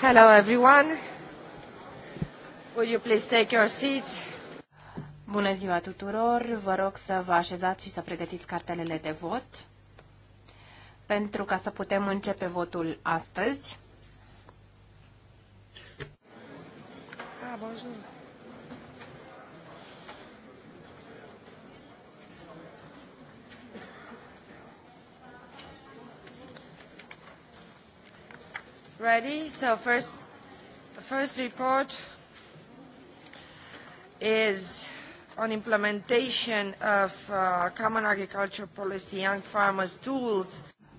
Hello everyone. Will you please take your seats? Bună ziua tuturor! Vă rog să vă așezați și să pregătiți cartelele de vot pentru ca să putem începe votul astăzi. Ah, bonjour. ready. So first, the first report is on implementation of uh, Common Agriculture Policy, Young Farmers Tools.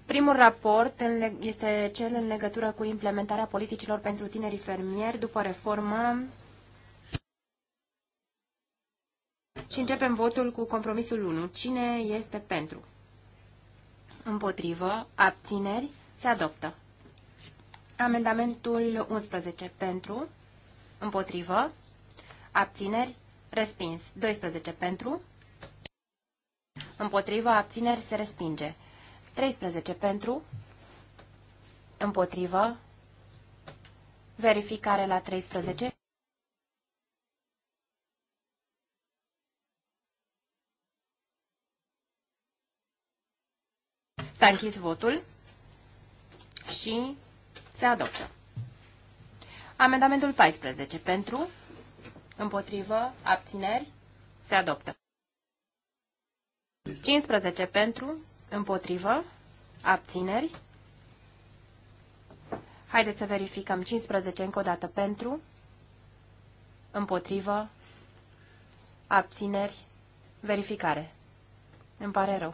Primul raport este cel în legătură cu implementarea politicilor pentru tinerii fermieri după reformă și începem votul cu compromisul 1. Cine este pentru? Împotrivă, abțineri, se adoptă. Amendamentul 11 pentru, împotrivă, abțineri, respins. 12 pentru, împotrivă, abțineri, se respinge. 13 pentru, împotrivă, verificare la 13. S-a închis votul și se adoptă. Amendamentul 14. Pentru, împotrivă, abțineri, se adoptă. 15. Pentru, împotrivă, abțineri. Haideți să verificăm 15 încă o dată pentru, împotrivă, abțineri, verificare. Îmi pare rău.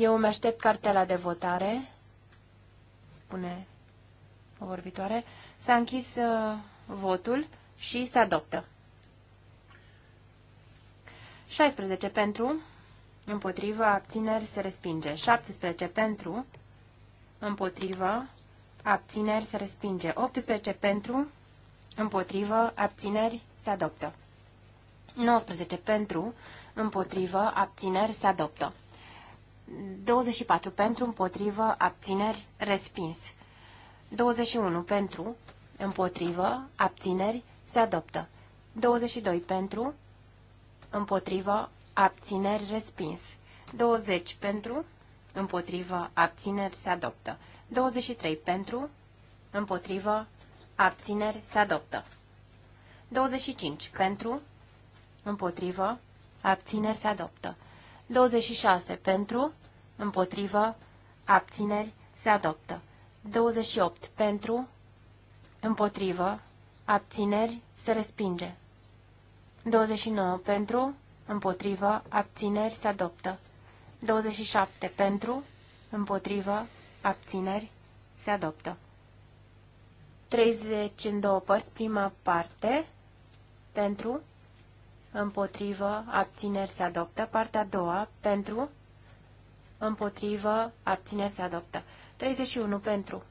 Eu îmi aștept cartela de votare, spune o vorbitoare. S-a închis uh, votul și se adoptă. 16 pentru, împotrivă, abțineri, se respinge. 17 pentru, împotrivă, abțineri, se respinge. 18 pentru, împotrivă, abțineri, se adoptă. 19 pentru, împotrivă, abțineri, se adoptă. 24 pentru, împotrivă, abțineri, respins. 21 pentru, împotrivă, abțineri, se adoptă. 22 pentru, împotrivă, abțineri, respins. 20 pentru, împotrivă, abțineri, se adoptă. 23 pentru, împotrivă, abțineri, se adoptă. 25 pentru, împotrivă, abțineri, se adoptă. 26 pentru, împotrivă, abțineri, se adoptă. 28 pentru, împotrivă, abțineri, se respinge. 29 pentru, împotrivă, abțineri, se adoptă. 27 pentru, împotrivă, abțineri, se adoptă. 30 în două părți, prima parte, pentru, împotrivă, abțineri se adoptă. Partea a doua, pentru, împotrivă, abțineri se adoptă. 31 pentru,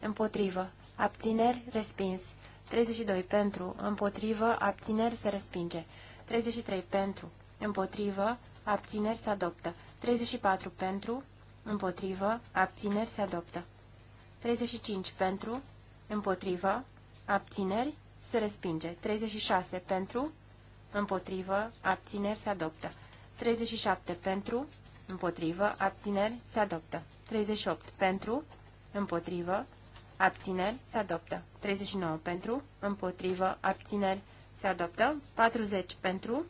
împotrivă, abțineri, respins. 32 pentru, împotrivă, abțineri se respinge. 33 pentru, împotrivă, abțineri se adoptă. 34 pentru, împotrivă, abțineri se adoptă. 35 pentru, împotrivă, abțineri se respinge. 36 pentru, împotrivă, abțineri, se adoptă. 37 pentru, împotrivă, abțineri, se adoptă. 38 pentru, împotrivă, abțineri, se adoptă. 39 pentru, împotrivă, abțineri, se adoptă. 40 pentru,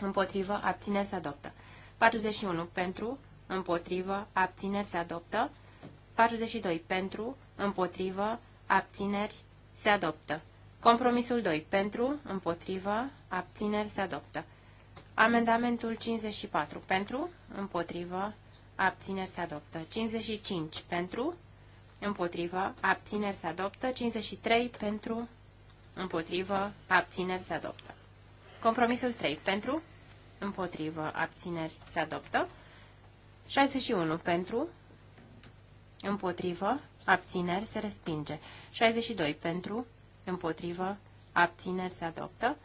împotrivă, abțineri, se adoptă. 41 pentru, împotrivă, abțineri, se adoptă. 42 pentru, împotrivă, abțineri, se adoptă. Compromisul 2 pentru, împotrivă, abțineri se adoptă. Amendamentul 54 pentru, împotrivă, abțineri se adoptă. 55 pentru, împotrivă, abțineri se adoptă. 53 pentru, împotrivă, abțineri se adoptă. Compromisul 3 pentru, împotrivă, abțineri se adoptă. 61 pentru, împotrivă, abțineri se respinge. 62 pentru, împotrivă, abțineri se adoptă.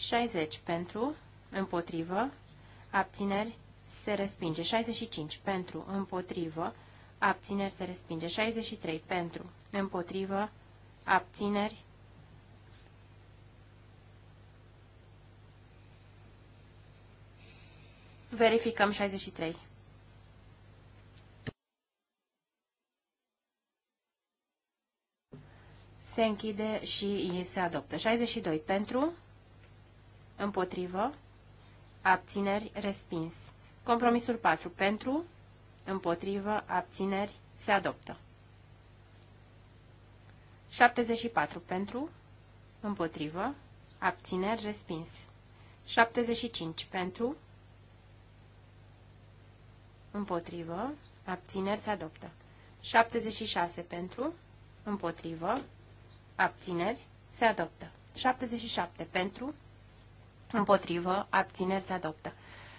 60 pentru, împotrivă, abțineri, se respinge. 65 pentru, împotrivă, abțineri, se respinge. 63 pentru, împotrivă, abțineri, Verificăm 63. Se închide și se adoptă. 62 pentru, Împotrivă. Abțineri. Respins. Compromisul 4. Pentru. Împotrivă. Abțineri. Se adoptă. 74. Pentru. Împotrivă. Abțineri. Respins. 75. Pentru. Împotrivă. Abțineri. Se adoptă. 76. Pentru. Împotrivă. Abțineri. Se adoptă. 77. Pentru. Împotrivă, abțineri se adoptă.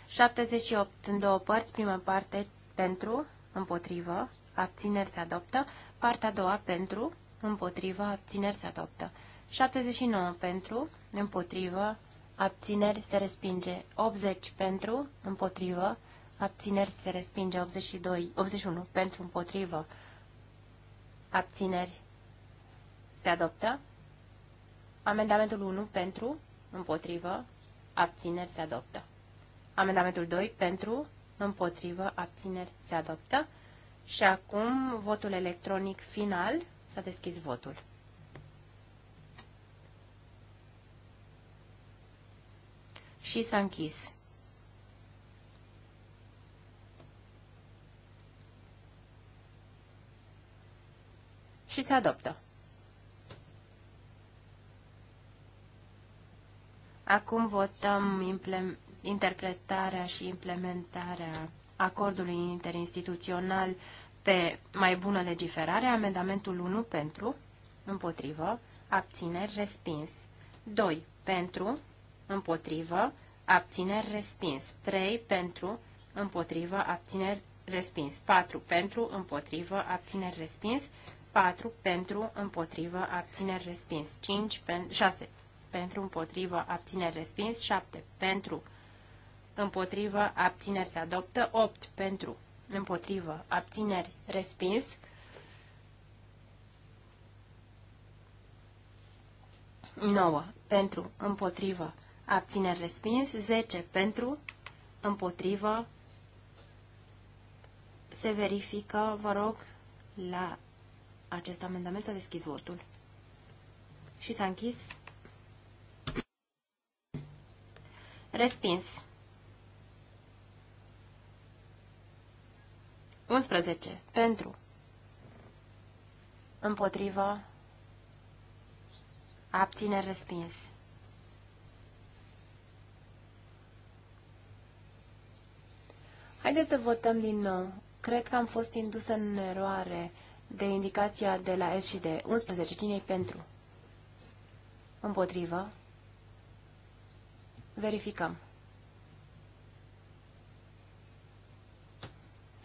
78 în două părți, prima parte pentru, împotrivă, abțineri se adoptă, partea a doua pentru, împotrivă, abțineri se adoptă. 79 pentru, împotrivă, abțineri se respinge. 80 pentru, împotrivă, abțineri se respinge. 82, 81 pentru, împotrivă, abțineri se adoptă. Amendamentul 1 pentru, împotrivă, abțineri se adoptă. Amendamentul 2 pentru, împotrivă, abțineri se adoptă. Și acum votul electronic final. S-a deschis votul. Și s-a închis. Și se adoptă. Acum votăm interpretarea și implementarea acordului interinstituțional pe mai bună legiferare, amendamentul 1 pentru, împotrivă, abțineri, respins. 2 pentru, împotrivă, abțineri, respins. 3 pentru, împotrivă, abțineri, respins. 4 pentru, împotrivă, abțineri, respins. 4 pentru, împotrivă, abțineri, respins. 5 pentru, 6 pentru, împotrivă, abțineri, respins. 7 pentru, împotrivă, abțineri, se adoptă. 8 pentru, împotrivă, abțineri, respins. Nouă pentru, împotrivă, abțineri, respins. 10 pentru, împotrivă, se verifică, vă rog, la acest amendament să deschizi votul. Și s-a închis Respins. 11. Pentru. Împotrivă. Abține respins. Haideți să votăm din nou. Cred că am fost indusă în eroare de indicația de la S și de 11. cine pentru? Împotrivă. Verificăm.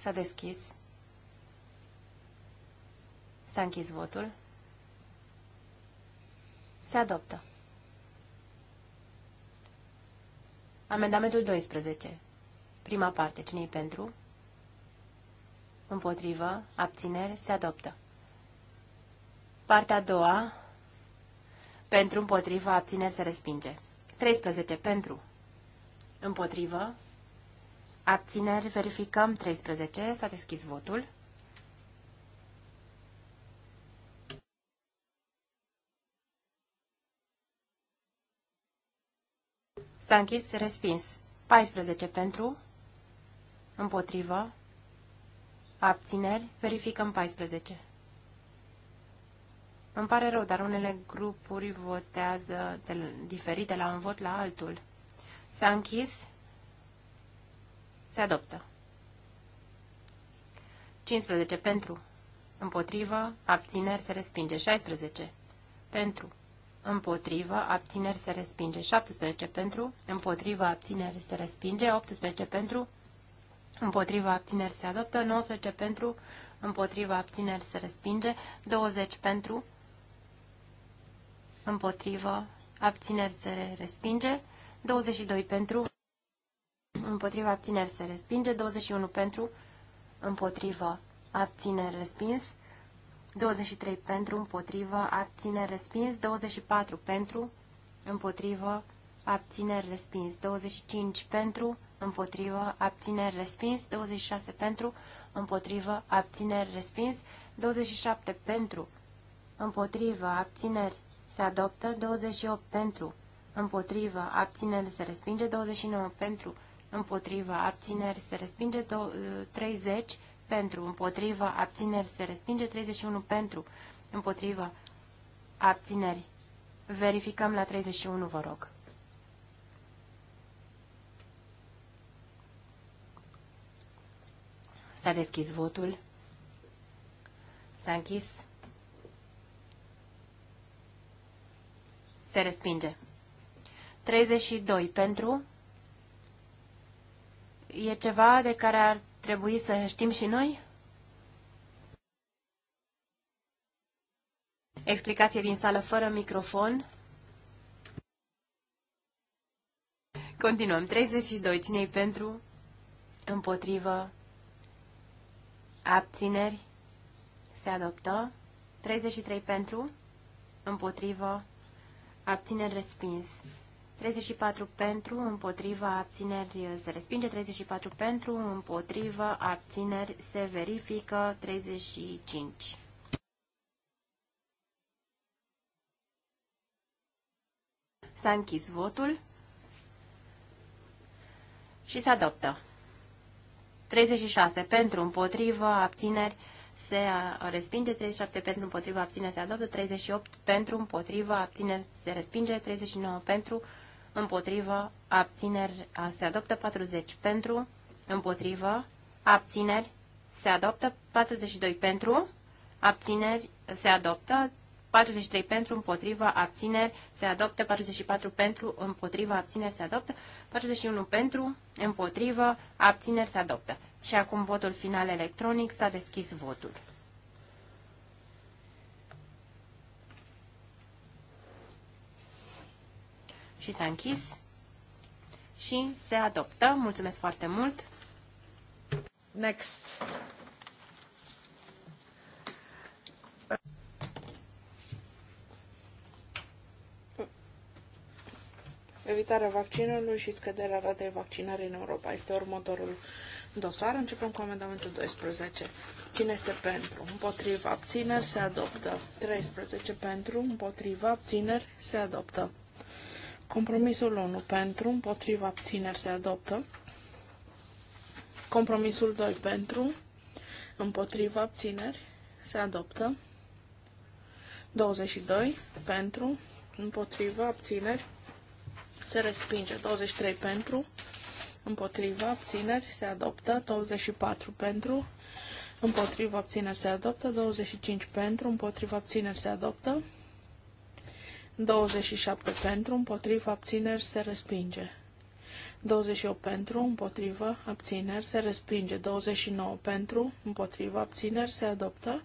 S-a deschis. S-a închis votul. Se adoptă. Amendamentul 12. Prima parte. cine pentru? Împotrivă. Abțineri. Se adoptă. Partea a doua. Pentru împotrivă. Abțineri. Se respinge. 13 pentru. Împotrivă. Abțineri. Verificăm. 13. S-a deschis votul. S-a închis respins. 14 pentru. Împotrivă. Abțineri. Verificăm 14. Îmi pare rău, dar unele grupuri votează de, diferit de la un vot la altul. S-a închis. Se adoptă. 15 pentru. Împotrivă, abțineri se respinge. 16 pentru. Împotrivă, abțineri se respinge. 17 pentru. Împotrivă, abțineri se respinge. 18 pentru. Împotrivă. abțineri se adoptă, 19 pentru, Împotrivă. abțineri se respinge, 20 pentru, împotrivă, abțineri se respinge, 22 pentru, împotrivă, abțineri se respinge, 21 pentru, împotrivă, abțineri respins, 23 pentru, împotrivă, abțineri respins, 24 pentru, împotrivă, abțineri respins, 25 pentru, împotrivă, abțineri respins, 26 pentru, împotrivă, abțineri respins, 27 pentru, împotrivă, abțineri se adoptă, 28 pentru, împotrivă, abțineri, se respinge, 29 pentru, împotrivă, abțineri, se respinge, 30 pentru, împotrivă, abțineri, se respinge, 31 pentru, împotrivă, abțineri. Verificăm la 31, vă rog. S-a deschis votul. S-a închis. Se respinge. 32 pentru. E ceva de care ar trebui să știm și noi? Explicație din sală fără microfon. Continuăm. 32. cine pentru? Împotrivă. Abțineri. Se adoptă. 33 pentru. Împotrivă abțineri respins. 34 pentru, împotriva, abțineri se respinge, 34 pentru, împotriva, abțineri se verifică, 35. S-a închis votul și se adoptă. 36 pentru, împotriva abțineri, se respinge, 37 pentru împotriva abține se adoptă, 38 pentru împotriva abține se respinge, 39 pentru împotriva abțineri se adoptă, 40 pentru împotriva abțineri se adoptă, 42 pentru abțineri se adoptă, 43 pentru, împotriva, abțineri, se adoptă. 44 pentru, împotriva, abțineri, se adoptă. 41 pentru, împotriva, abțineri, se adoptă. Și acum votul final electronic. S-a deschis votul. Și s-a închis. Și se adoptă. Mulțumesc foarte mult. Next. evitarea vaccinului și scăderea ratei vaccinării în Europa. Este următorul dosar. Începem cu amendamentul 12. Cine este pentru? Împotriva abțineri se adoptă. 13 pentru, împotriva abțineri se adoptă. Compromisul 1 pentru, împotriva abțineri se adoptă. Compromisul 2 pentru, împotriva abțineri se adoptă. 22 pentru, împotriva abțineri se respinge. 23 pentru, împotriva, abțineri, se adoptă. 24 pentru, împotriva, abțineri, se adoptă. 25 pentru, împotriva, abțineri, se adoptă. 27 pentru, împotriva, abțineri, se respinge. 28 pentru, împotriva abțineri, se respinge. 29 pentru, împotriva abțineri, se adoptă.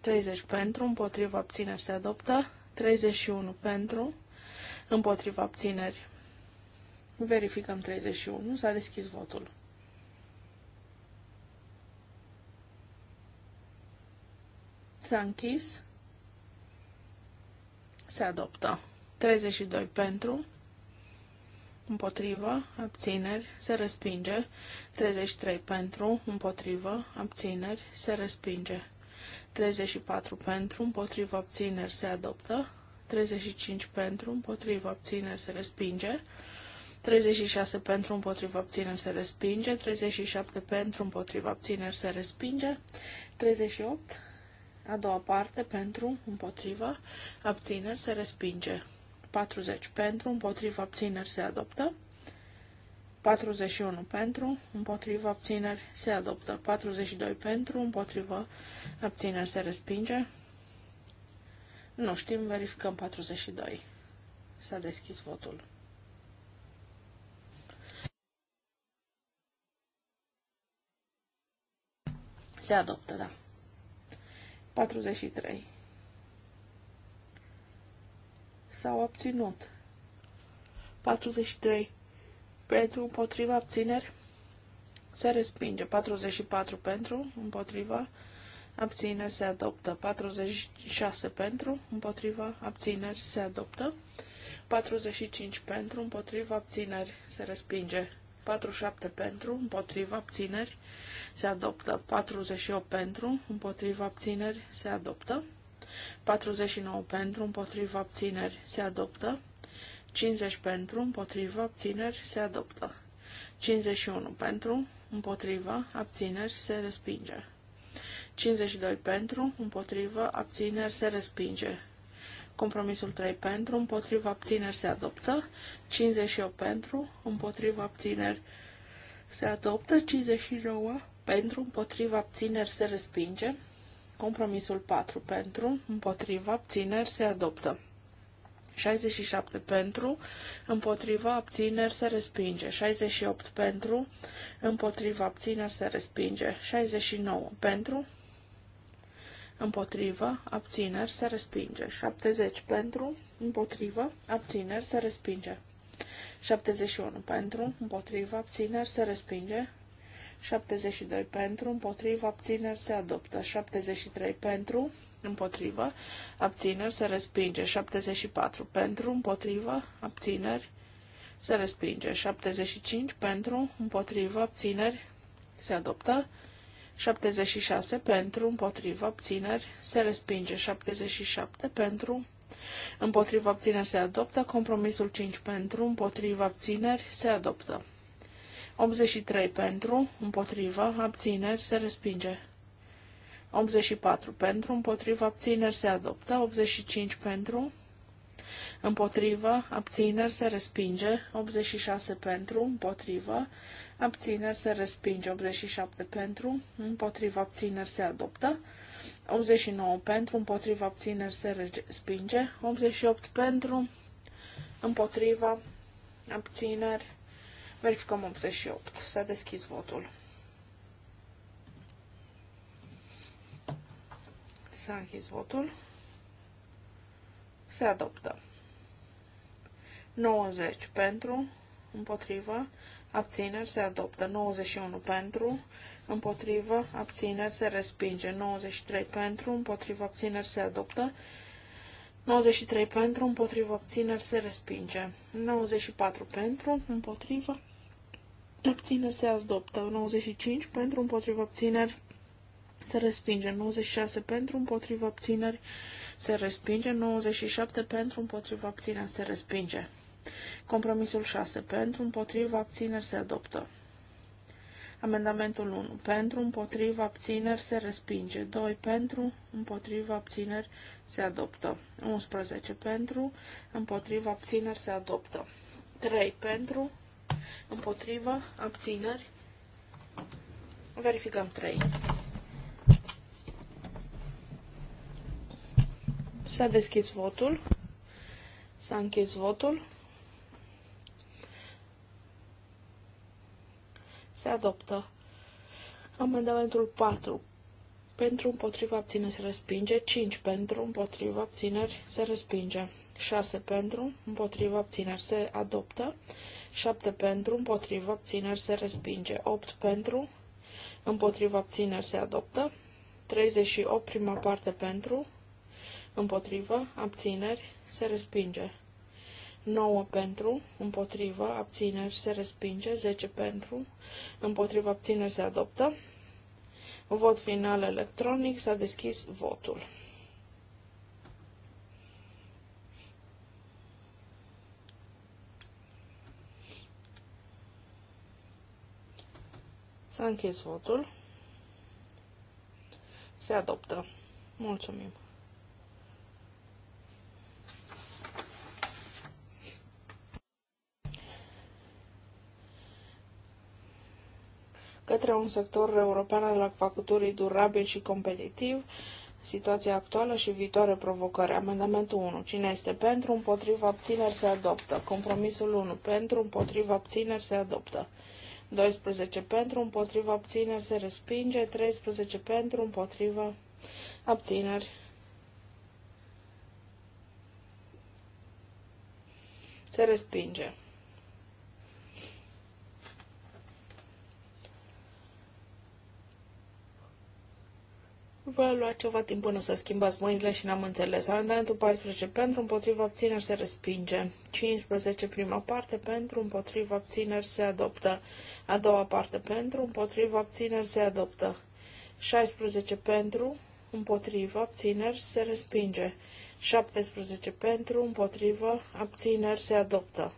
30 pentru, împotriva abțineri, se adoptă. 31 pentru, împotriva abțineri. Verificăm 31, s-a deschis votul. S-a închis. Se adoptă. 32 pentru, împotrivă, abțineri, se respinge. 33 pentru, împotrivă, abțineri, se respinge. 34 pentru, împotrivă, abțineri, se adoptă. 35 pentru, împotrivă, abțineri se respinge, 36 pentru, împotrivă, abțineri se respinge, 37 pentru, împotrivă, abțineri se respinge, 38 a doua parte pentru, împotrivă, abțineri se respinge, 40 pentru, împotrivă, abțineri se adoptă, 41 pentru, împotrivă, abțineri se adoptă, 42 pentru, împotrivă, abțineri se respinge, nu știm, verificăm 42. S-a deschis votul. Se adoptă, da. 43. S-au obținut. 43. Pentru, împotriva, abțineri. Se respinge. 44 pentru, împotriva, abțineri se adoptă. 46 pentru, împotriva, abțineri se adoptă. 45 pentru, împotriva, abțineri se respinge. 47 pentru, împotriva, abțineri se adoptă. 48 pentru, împotriva, abțineri se adoptă. 49 pentru, împotriva, abțineri se adoptă. 50 pentru, împotriva, abțineri se adoptă. 51 pentru, împotriva, abțineri se respinge. 52 pentru, împotrivă, abțineri se respinge. Compromisul 3 pentru, împotrivă, abțineri se adoptă. 58 pentru, împotrivă, abțineri se adoptă. 59 pentru, împotrivă, abțineri se respinge. Compromisul 4 pentru, împotrivă, abțineri se adoptă. 67 pentru, împotriva abțineri se respinge. 68 pentru, împotriva abțineri se respinge. 69 pentru, împotrivă, abțineri, se respinge. 70 pentru, împotrivă, abțineri, se respinge. 71 pentru, împotrivă, abțineri, se respinge. 72 pentru, împotrivă, abțineri, se adoptă. 73 pentru, împotrivă, abțineri, se respinge. 74 pentru, împotrivă, abțineri, se respinge. 75 pentru, împotrivă, abțineri, se adoptă. 76 pentru, împotrivă, abțineri, se respinge. 77 pentru, împotrivă, abțineri, se adoptă. Compromisul 5 pentru, împotrivă, abțineri, se adoptă. 83 pentru, împotrivă, abțineri, se respinge. 84 pentru, împotrivă, abțineri, se adoptă. 85 pentru, împotrivă, abțineri se respinge, 86 pentru, împotrivă, abțineri se respinge, 87 pentru, împotrivă, abțineri se adoptă, 89 pentru, împotrivă, abțineri se respinge, 88 pentru, împotrivă, abțineri, verificăm 88, s-a deschis votul. S-a închis votul. Se adoptă. 90 pentru, împotrivă, abțineri, se adoptă. 91 pentru, împotrivă, abțineri, se respinge. 93 pentru, împotrivă, abțineri, se adoptă. 93 pentru, împotrivă, abțineri, se respinge. 94 pentru, împotrivă, abțineri, se adoptă. 95 pentru, împotrivă, abțineri, se respinge. 96 pentru, împotriva abțineri, se respinge. 97 pentru, împotriva abțineri, se respinge. Compromisul 6 pentru, împotriva abțineri, se adoptă. Amendamentul 1. Pentru, împotriva, abțineri, se respinge. 2. Pentru, împotriva, abțineri, se adoptă. 11. Pentru, împotriva, abțineri, se adoptă. 3. Pentru, împotriva, abțineri. Verificăm 3. S-a deschis votul. S-a închis votul. Se adoptă. Amendamentul 4. Pentru împotriva abțineri se respinge. 5. Pentru împotriva abțineri se respinge. 6. Pentru împotriva abțineri se adoptă. 7. Pentru împotriva abțineri se respinge. 8. Pentru împotriva abțineri se adoptă. 38. Prima parte pentru împotrivă, abțineri, se respinge. 9 pentru, împotrivă, abțineri, se respinge, 10 pentru, împotrivă, abțineri, se adoptă. Vot final electronic, s-a deschis votul. S-a închis votul. Se adoptă. Mulțumim. către un sector european al acvaculturii durabil și competitiv, situația actuală și viitoare provocări. Amendamentul 1. Cine este pentru, împotriva, abțineri, se adoptă. Compromisul 1. Pentru, împotriva, abțineri, se adoptă. 12 pentru, împotriva, abțineri, se respinge. 13 pentru, împotriva, abțineri. Se respinge. Va lua ceva timp până să schimbați mâinile și n-am înțeles. Amendamentul 14 pentru, împotriva abțineri se respinge. 15 prima parte pentru, împotriva abțineri se adoptă. A doua parte pentru, împotriva abțineri se adoptă. 16 pentru, împotriva abțineri se respinge. 17 pentru, împotriva abțineri se adoptă.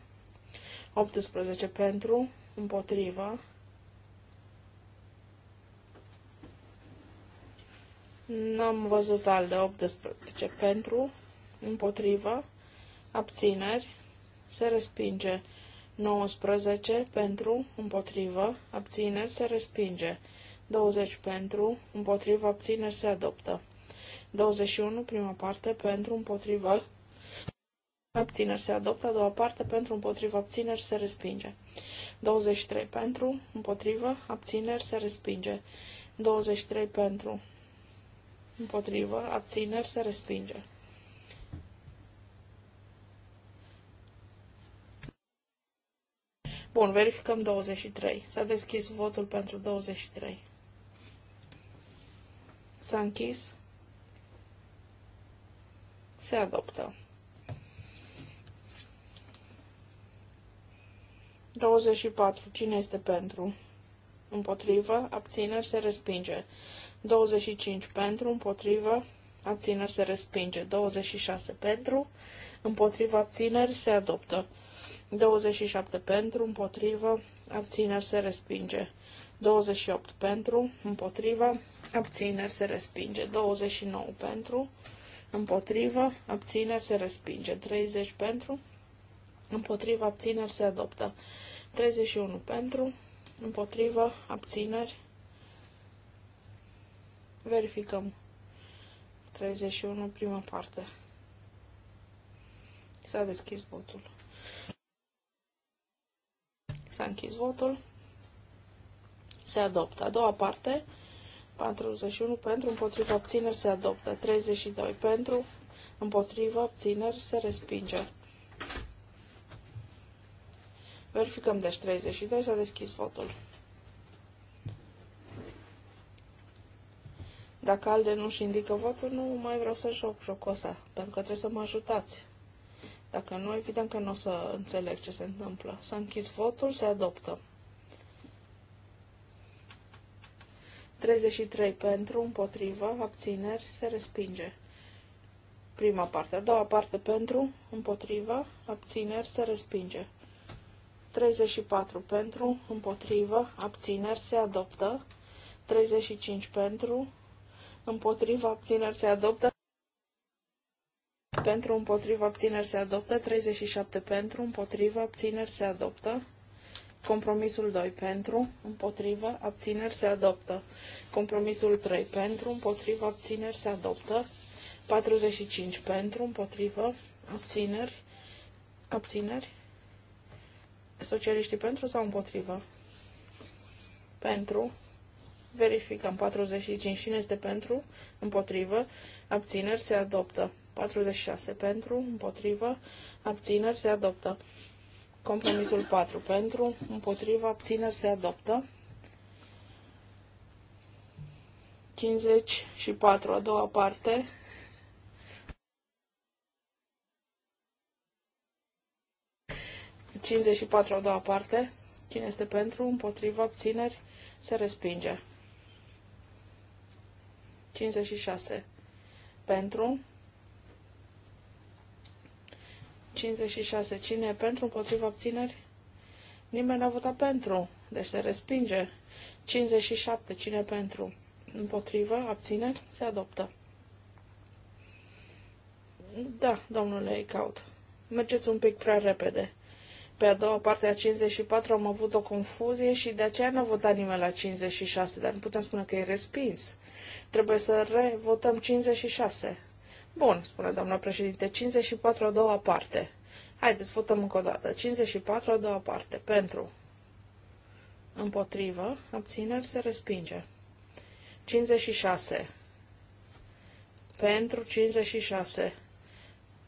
18 pentru, împotriva N-am văzut al de 18 pentru, împotrivă, abțineri, se respinge. 19 pentru, împotrivă, abțineri, se respinge. 20 pentru, împotrivă, abțineri, se adoptă. 21, prima parte, pentru, împotrivă, abțineri, se adoptă. A doua parte, pentru, împotrivă, abțineri, se respinge. 23 pentru, împotrivă, abțineri, se respinge. 23 pentru, împotrivă, abțineri, se respinge. Bun, verificăm 23. S-a deschis votul pentru 23. S-a închis. Se adoptă. 24. Cine este pentru? Împotrivă, abțineri, se respinge. 25 pentru, împotrivă, abțineri se respinge. 26 pentru, împotrivă, abțineri se adoptă. 27 pentru, împotrivă, abțineri se respinge. 28 pentru, împotrivă, abțineri se respinge. 29 pentru, împotrivă, abțineri se respinge. 30 pentru, împotrivă, abțineri se adoptă. 31 pentru, împotrivă, abțineri Verificăm. 31, prima parte. S-a deschis votul. S-a închis votul. Se adoptă. A doua parte. 41 pentru, împotriva abțineri se adoptă. 32 pentru, împotriva abțineri se respinge. Verificăm deci 32, s-a deschis votul. Dacă ALDE nu-și indică votul, nu mai vreau să joc jocul ăsta, pentru că trebuie să mă ajutați. Dacă nu, evident că nu o să înțeleg ce se întâmplă. S-a închis votul, se adoptă. 33 pentru, împotriva, abțineri, se respinge. Prima parte. A doua parte pentru, împotriva, abțineri, se respinge. 34 pentru, împotrivă, abțineri, se adoptă. 35 pentru, împotriva abțineri se adoptă. Pentru împotriva abțineri se adoptă. 37 pentru împotriva abțineri se adoptă. Compromisul 2 pentru, împotrivă, abțineri se adoptă. Compromisul 3 pentru, împotrivă, abțineri se adoptă. 45 pentru, împotrivă, abțineri, abțineri. Socialiștii pentru sau împotrivă? Pentru, Verificăm 45. Cine este pentru? Împotrivă. Abțineri se adoptă. 46 pentru, împotrivă, abțineri se adoptă. Compromisul 4 pentru, împotrivă, abțineri se adoptă. 54, a doua parte. Cincizeci și patru a doua parte. Cine este pentru, împotriva, abțineri, se respinge. 56 pentru. 56. Cine e pentru? Împotriva abțineri? Nimeni n-a votat pentru. Deci se respinge. 57. Cine e pentru? împotriva Abțineri? Se adoptă. Da, domnule caut Mergeți un pic prea repede. Pe a doua parte, la 54 am avut o confuzie și de aceea nu a votat nimeni la 56, dar nu putem spune că e respins. Trebuie să revotăm 56. Bun, spune doamna președinte, 54 a doua parte. Haideți, votăm încă o dată. 54 a doua parte. Pentru. Împotrivă. Abțineri se respinge. 56. Pentru 56.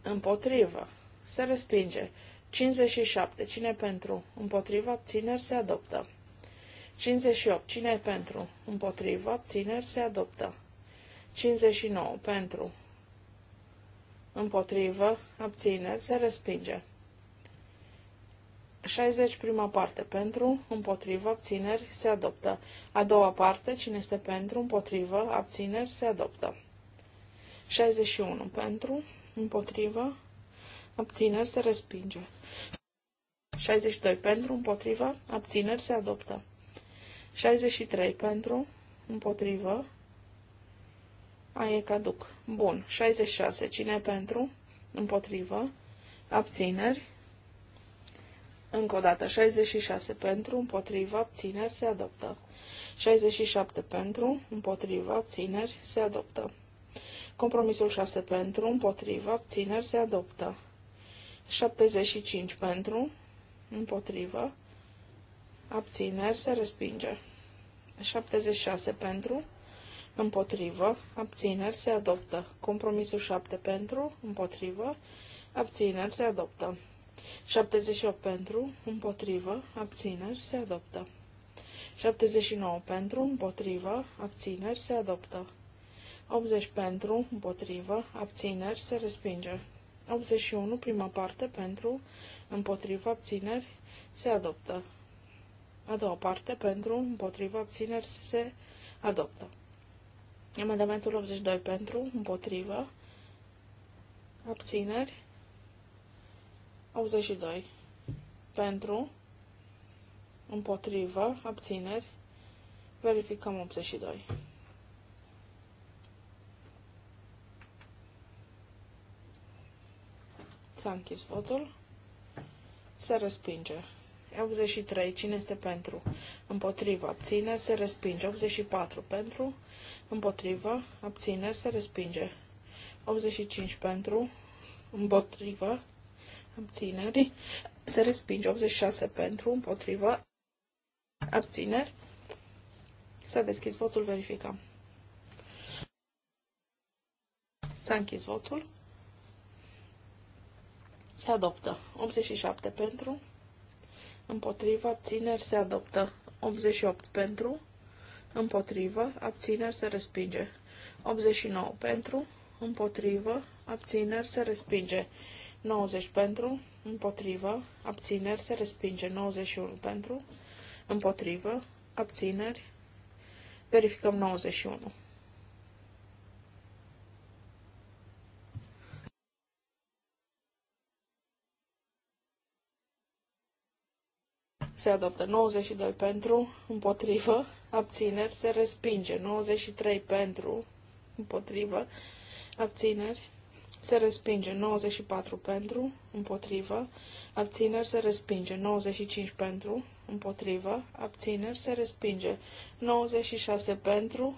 Împotrivă. Se respinge. 57. Cine pentru? Împotriva abțineri se adoptă. 58. Cine e pentru? Împotriva abțineri se adoptă. 59. Pentru. Împotrivă abțineri se respinge. 60. Prima parte. Pentru. Împotrivă abțineri se adoptă. A doua parte. Cine este pentru? Împotrivă abțineri se adoptă. 61. Pentru. Împotrivă abțineri se respinge. 62 pentru, împotrivă, abțineri se adoptă. 63 pentru, împotrivă, a e caduc. Bun, 66, cine pentru, împotrivă, abțineri, încă o dată, 66 pentru, împotrivă, abțineri, se adoptă. 67 pentru, împotrivă, abțineri, se adoptă. Compromisul 6 pentru, împotrivă, abțineri, se adoptă. 75 pentru, împotrivă, abțineri, se respinge. 76 pentru, împotrivă, abțineri, se adoptă. Compromisul 7 pentru, împotrivă, abțineri, se adoptă. 78 pentru, împotrivă, abțineri, se adoptă. 79 pentru, împotrivă, abțineri, se adoptă. 80 pentru, împotrivă, abțineri, se respinge. 81, prima parte, pentru, împotriva, abțineri, se adoptă. A doua parte, pentru, împotriva, abțineri, se adoptă. Amendamentul 82 pentru, împotriva, abțineri, 82 pentru, împotriva, abțineri, verificăm 82. S-a închis votul. Se respinge. 83. Cine este pentru? Împotrivă. abține, Se respinge. 84. Pentru. Împotrivă. abține, Se respinge. 85. Pentru. Împotrivă. Abțineri. Se respinge. 86. Pentru. Împotrivă. Abțineri. S-a deschis votul. Verificăm. S-a închis votul. Se adoptă. 87 pentru. Împotriva abțineri se adoptă. 88 pentru. Împotrivă. Abțineri se respinge. 89 pentru. Împotrivă. Abțineri se respinge. 90 pentru. Împotrivă. Abțineri se respinge. 91 pentru. Împotrivă. Abțineri. Verificăm 91. se adoptă 92 pentru, împotrivă, abțineri, se respinge 93 pentru, împotrivă, abțineri, se respinge 94 pentru, împotrivă, abțineri, se respinge 95 pentru, împotrivă, abțineri, se respinge 96 pentru,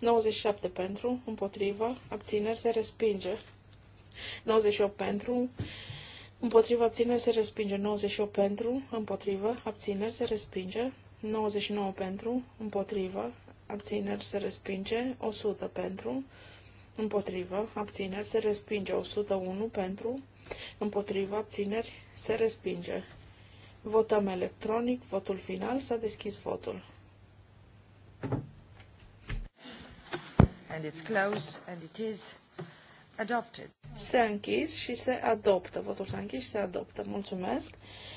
97 pentru, împotrivă, abțineri, se respinge 98 pentru, Împotriva abțineri se respinge 98 pentru, împotrivă, abțineri se respinge 99 pentru, împotrivă, abțineri se respinge 100 pentru, împotrivă, abțineri se respinge 101 pentru, împotrivă, abțineri se respinge. Votăm electronic, votul final, s-a deschis votul. And it's close and it is adopted se a închis și se adoptă. Votul s-a închis și se adoptă. Mulțumesc.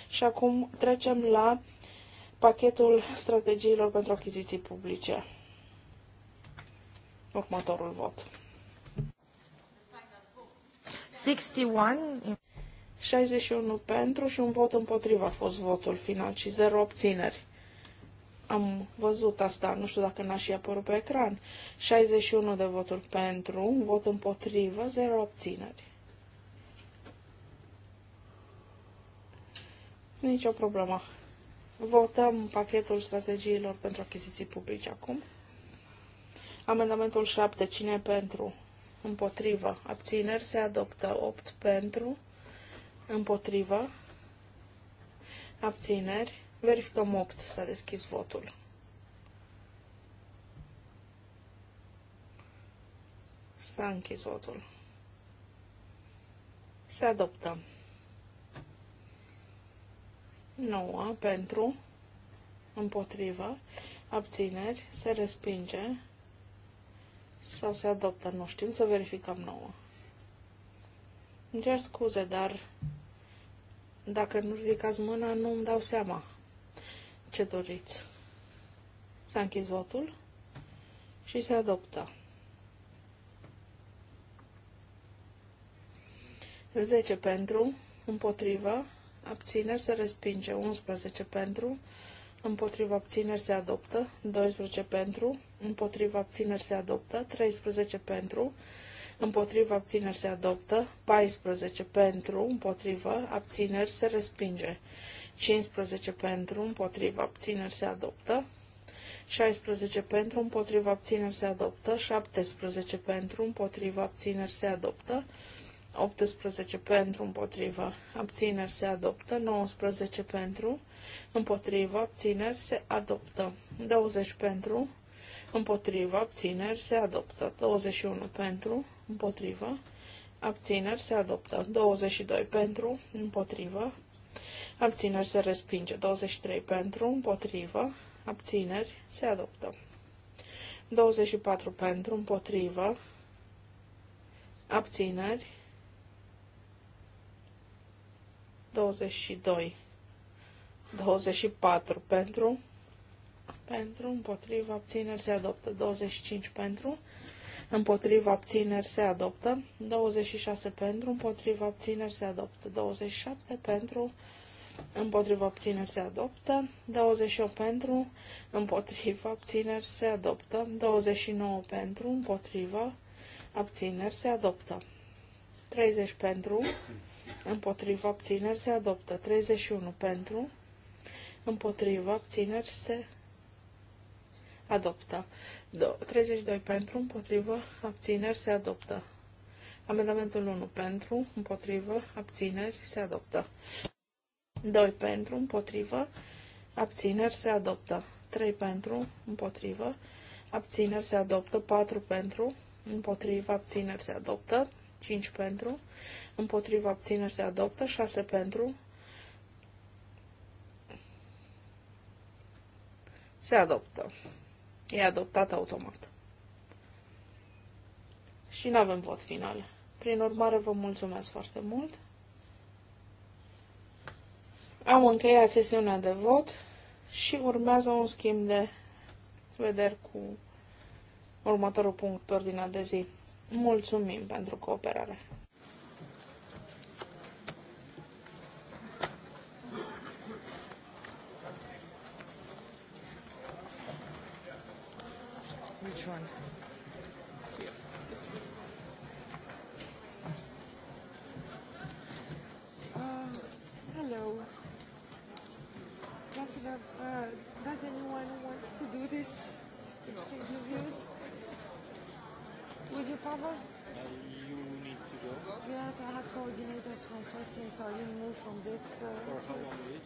Și acum trecem la pachetul strategiilor pentru achiziții publice. Următorul vot. 61. 61 pentru și un vot împotriva a fost votul final și 0 obțineri. Am văzut asta, nu știu dacă n aș fi apărut pe ecran. 61 de voturi pentru, un vot împotrivă, 0 abțineri. Nici o problemă. Votăm pachetul strategiilor pentru achiziții publice acum. Amendamentul 7. Cine pentru? Împotrivă. Abțineri se adoptă. 8 pentru. Împotrivă. Abțineri. Verificăm 8. S-a deschis votul. S-a închis votul. Se adoptă. 9 pentru, împotrivă, abțineri, se respinge sau se adoptă, nu știm, să verificăm 9. Îmi cer scuze, dar dacă nu ridicați mâna, nu îmi dau seama ce doriți. S-a închis votul și se adoptă. 10 pentru, împotrivă, abțineri se respinge, 11 pentru, împotrivă, abțineri se adoptă, 12 pentru, împotrivă, abțineri se adoptă, 13 pentru, împotriva abțineri se adoptă, 14 pentru, împotriva abțineri se respinge, 15 pentru, împotriva abțineri se adoptă, 16 pentru, împotriva abțineri se adoptă, 17 pentru, împotriva abțineri se adoptă, 18 pentru, împotriva abțineri se adoptă, 19 pentru, împotriva abțineri se adoptă, 20 pentru, împotriva abțineri se adoptă, 21 pentru, împotrivă, abțineri se adoptă. 22 pentru, împotrivă, abțineri se respinge. 23 pentru, împotrivă, abțineri se adoptă. 24 pentru, împotrivă, abțineri, 22, 24 pentru, pentru, împotrivă, abțineri se adoptă, 25 pentru, împotriva abțineri se adoptă, 26 pentru, împotriva abțineri se adoptă, 27 pentru, împotriva abțineri se adoptă, 28 pentru, împotriva abțineri se adoptă, 29 pentru, împotriva abțineri se adoptă, 30 pentru, împotriva abțineri se adoptă, 31 pentru, împotriva abțineri se adoptă. 32 pentru, împotrivă, abțineri, se adoptă. Amendamentul 1 pentru, împotrivă, abțineri, se adoptă. 2 pentru, împotrivă, abțineri, se adoptă. 3 pentru, împotrivă, abțineri, se adoptă. 4 pentru, împotrivă, abțineri, se adoptă. 5 pentru, împotrivă, abțineri, se adoptă. 6 pentru, se adoptă. E adoptat automat. Și nu avem vot final. Prin urmare, vă mulțumesc foarte mult. Am încheiat sesiunea de vot și urmează un schimb de vederi cu următorul punct pe ordinea de zi. Mulțumim pentru cooperare! Which one? Uh, hello. That's enough. Uh, does anyone want to do this interviews? Would you cover? Uh, you need to go. Yes, I have coordinators from first thing, so I didn't move from this. Uh, For how long is?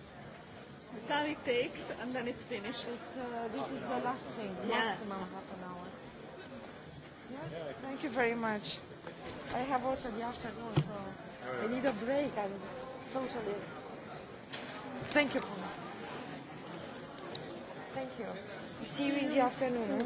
time it takes, and then it's finished. It's, uh, this is the last thing, yeah. maximum half an hour. Yeah? Thank you very much. I have also the afternoon, so I need a break. I'm totally... Thank you, Thank you. See you in the afternoon.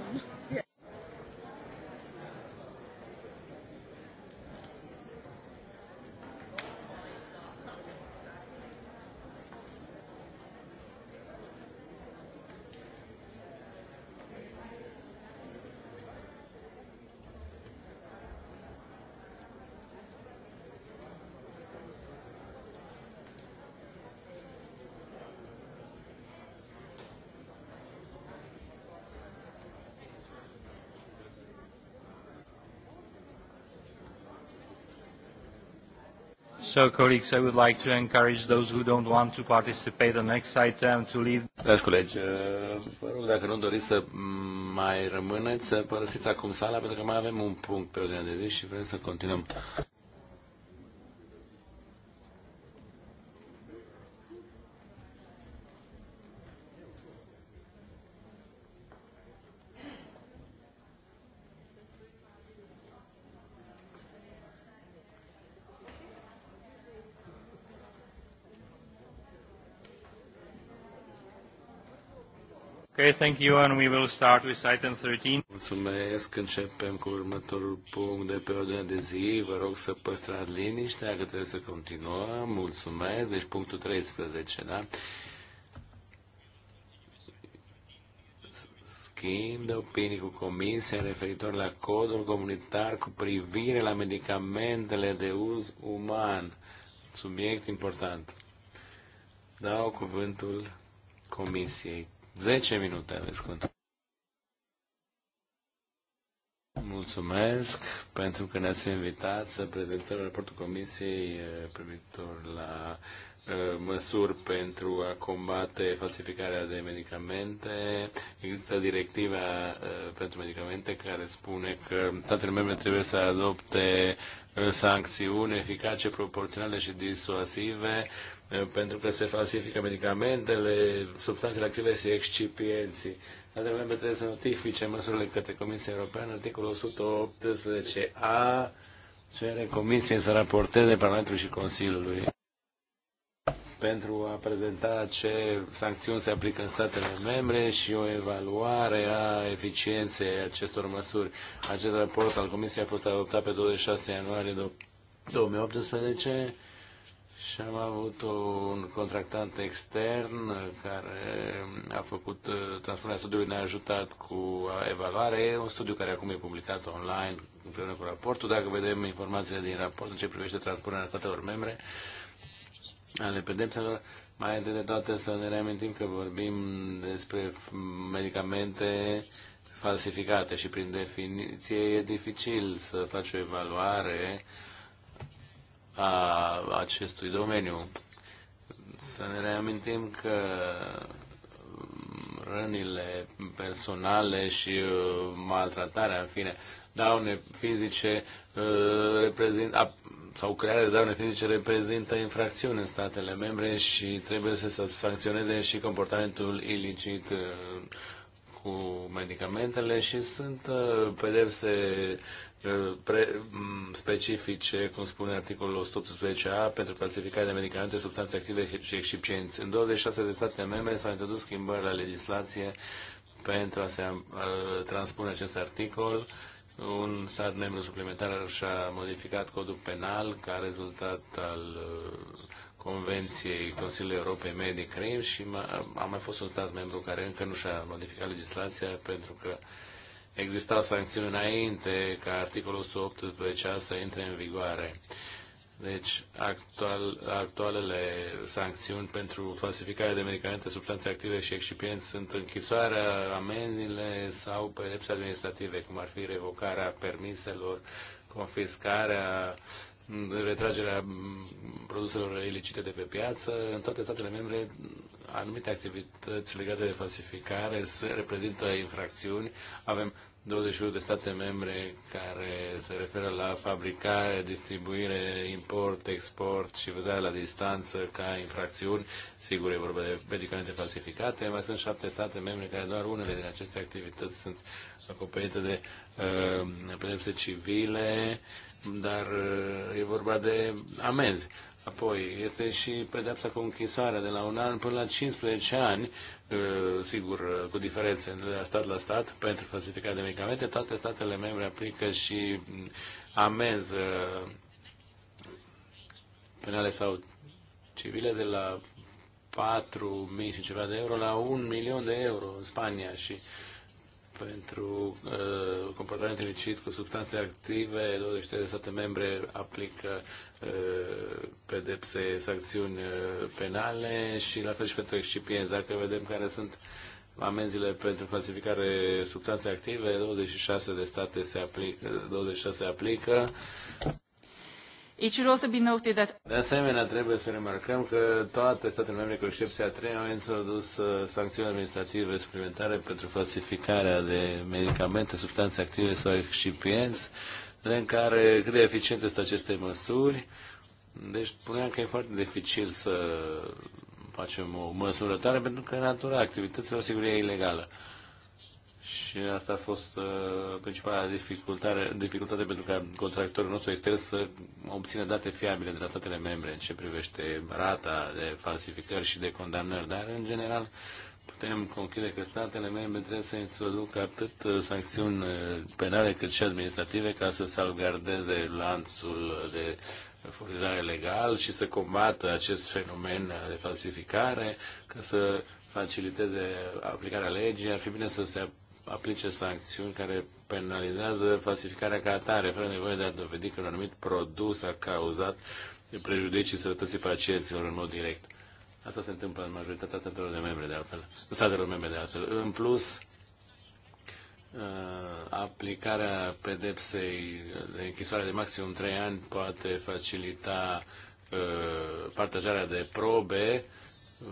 So, colleagues, I would like to encourage those who don't want to participate the next item to leave. Dragi colegi, uh, vă rog dacă nu doriți să mai rămâneți, să părăsiți acum sala, pentru că mai avem un punct pe ordinea de zi și vrem să continuăm. Okay, thank you, and we will start with item 13. Mulțumesc, începem cu următorul punct de pe ordine de zi. Vă rog să păstrați liniștea, că trebuie să continuăm. Mulțumesc, deci punctul 13, da? schimb de opinii cu Comisia referitor la codul comunitar cu privire la medicamentele de uz uman. Subiect important. Dau cuvântul Comisiei 10 minute aveți cont. Mulțumesc pentru că ne-ați invitat să prezentăm raportul Comisiei eh, privitor la eh, măsuri pentru a combate falsificarea de medicamente. Există directiva eh, pentru medicamente care spune că statele membre trebuie să adopte sancțiuni eficace, proporționale și disuasive Eh, pentru că se falsifică medicamentele, substanțele active și excipienții. Statele membre trebuie să notifice măsurile către Comisia Europeană. Articolul 118a cere Comisiei să raporteze Parlamentului și Consiliului pentru a prezenta ce sancțiuni se aplică în statele membre și o evaluare a eficienței acestor măsuri. Acest raport al Comisiei a fost adoptat pe 26 ianuarie 2018 și am avut un contractant extern care a făcut uh, transformarea studiului, ne-a ajutat cu uh, evaluare. E un studiu care acum e publicat online împreună cu raportul. Dacă vedem informațiile din raport în ce privește transpunerea statelor membre ale pedepselor, mai întâi de toate să ne reamintim că vorbim despre medicamente falsificate și prin definiție e dificil să faci o evaluare uh, a acestui domeniu. Să ne reamintim că mm, rănile personale și uh, maltratarea, în fine, daune fizice uh, reprezintă sau crearea de daune fizice reprezintă infracțiuni în statele membre și trebuie să se sancționeze și comportamentul ilicit uh, cu medicamentele și sunt pedepse Uh, pre, mm, specifice, cum spune articolul 118a, pentru falsificarea de medicamente, substanțe active și excipienți. În 26 de state membre s-au introdus schimbări la legislație pentru a se uh, transpune acest articol. Un stat membru suplimentar și-a modificat codul penal ca rezultat al uh, Convenției Consiliului Europei Medic Crime și a mai fost un stat membru care încă nu și-a modificat legislația pentru că uh, existau sancțiuni înainte ca articolul 118 să intre în vigoare. Deci, actual, actualele sancțiuni pentru falsificare de medicamente, substanțe active și excipienți sunt închisoarea, amenziile sau pedepse administrative, cum ar fi revocarea permiselor, confiscarea uh, retragerea mm, produselor ilicite de pe piață. În toate statele membre, anumite activități legate de falsificare se reprezintă infracțiuni. Avem 21 de state membre care se referă la fabricare, distribuire, import, export și vânzare la distanță ca infracțiuni. Sigur, e vorba de medicamente falsificate. Mai sunt șapte state membre care doar unele din aceste activități sunt acoperite de uh, pedepse civile. Uh, dar uh, e vorba de amenzi. Apoi, este și pedeapsa cu închisoarea de la un an până la 15 ani, uh, sigur, uh, cu diferențe de la stat la stat, pentru falsificarea de medicamente. Toate statele membre aplică și mm, amenzi penale sau civile de la 4.000 și ceva de euro la 1 milion de euro în Spania și uh, pentru uh, comportament ilicit cu substanțe active, 23 de state membre aplică uh, pedepse, sancțiuni uh, penale și la fel și pentru excipienți. Dacă vedem care sunt amenzile pentru falsificare substanțe active, 26 de state se aplică, 26 se aplică It should also be noted that... De asemenea, trebuie să remarcăm că toate statele membre, cu excepția trei, au introdus uh, sancțiuni administrative suplimentare pentru falsificarea de medicamente, substanțe active sau excipienți, în care cât de eficiente sunt aceste măsuri. Deci, spuneam că e foarte dificil să facem o măsurătare pentru că natura activităților sigur e ilegală. Și asta a fost uh, principala dificultate, dificultate pentru ca contractorul nostru extern să obțină date fiabile de la statele membre în ce privește rata de falsificări și de condamnări. Dar, în general, putem conchide că statele membre trebuie să introducă atât uh, sancțiuni uh, penale cât și administrative ca să salvgardeze lanțul de furnizare legal și să combată acest fenomen de falsificare, ca să faciliteze aplicarea legii. Ar fi bine să se aplice sancțiuni care penalizează falsificarea ca atare, fără nevoie de a dovedi că un anumit produs a cauzat prejudicii sănătății pacienților în mod direct. Asta se întâmplă în majoritatea statelor de membre, de altfel. Statelor membre, de altfel. În plus, uh, aplicarea pedepsei de închisoare de maximum 3 ani poate facilita uh, partajarea de probe